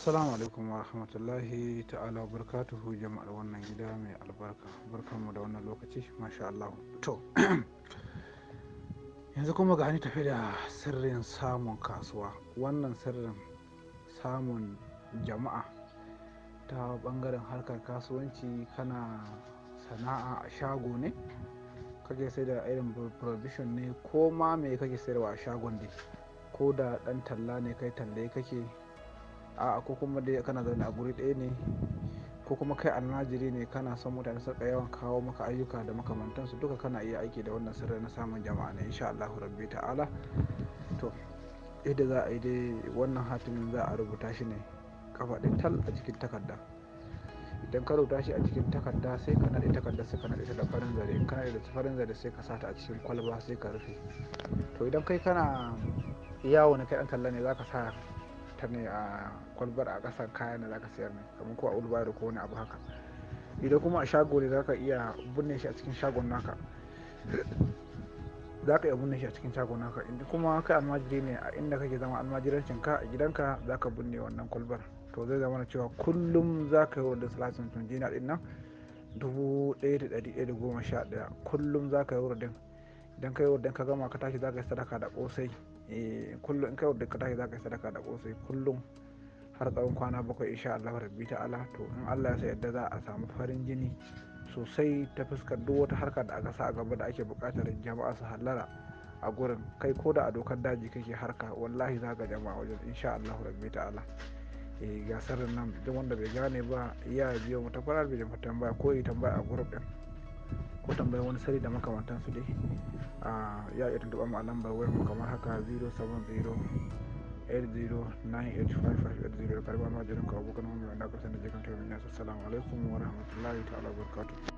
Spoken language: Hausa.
assalamu alaikum wa rahmatullahi ta'ala barkatuhu jama'ar wannan gida mai albarka barkanmu da wannan lokaci masha Allah to yanzu kuma ga hannu tafi da sirrin samun kasuwa wannan sirrin samun jama'a ta bangaren harkar kasuwanci kana sana'a a shago ne kake sai da irin provision ne ko ma me kake sayarwa a shagon dai ko da ɗan talla ne kai talle kake a'a ko kuma dai kana zaune a guri ɗaya ne ko kuma kai almajiri ne kana son mutane su yawan kawo maka ayyuka da makamantansu duka kana iya aiki da wannan sirri na samun jama'a ne insha Allah rabbi ta'ala to idan za a yi dai wannan hatimin za a rubuta shi ne kafa ɗin tal a cikin takarda idan ka rubuta shi a cikin takarda sai ka naɗe takarda sai ka naɗe ta da farin zare in ka naɗe da farin zare sai ka sata a cikin kwalba sai ka rufe to idan kai kana yawo ne kai ɗan talla ne za ka sa ta ne a kwalbar a ƙasan kayan da zaka sayar ne kamar ko a ulbari ko wani abu haka idan kuma a shago ne zaka iya binne shi a cikin shagon naka za ka iya binne shi a cikin shagon naka idan kuma kai almajiri ne a inda kake zama almajirancin ka a gidanka za ka binne wannan kwalbar to zai zama cewa kullum za ka yi wa salatin tunjina din nan dubu ɗaya da ɗari ɗaya da goma sha ɗaya kullum za ka yi wa idan ka yi wa ka gama ka tashi za ka yi sadaka da ƙosai Eh, kullum in kai da kadai za ka yi sadaka da kosai kullum har tsawon kwana bakwai insha Allah rabbi ta'ala to in Allah ya sa yadda za a samu farin jini sosai ta fuskar duk wata harka da aka sa a gaba da ake bukatar jama'a su hallara a gurin kai ko da a dokar daji kake harka wallahi za ka jama'a wajen insha Allah rabbi ta'ala eh, gasar nan duk wanda bai gane ba ya biyo mu ta farar da tambaya ko yi tambaya a gurin din ko tambayi wani sari da su dai ya iya tuntuɓa mu a lambar wayar mu kamar haka 070 8098580 da karbar majalin ka abokan wani wanda aka sanda jikan kai mai salamu alaikum wa rahmatullahi ta'ala barkatu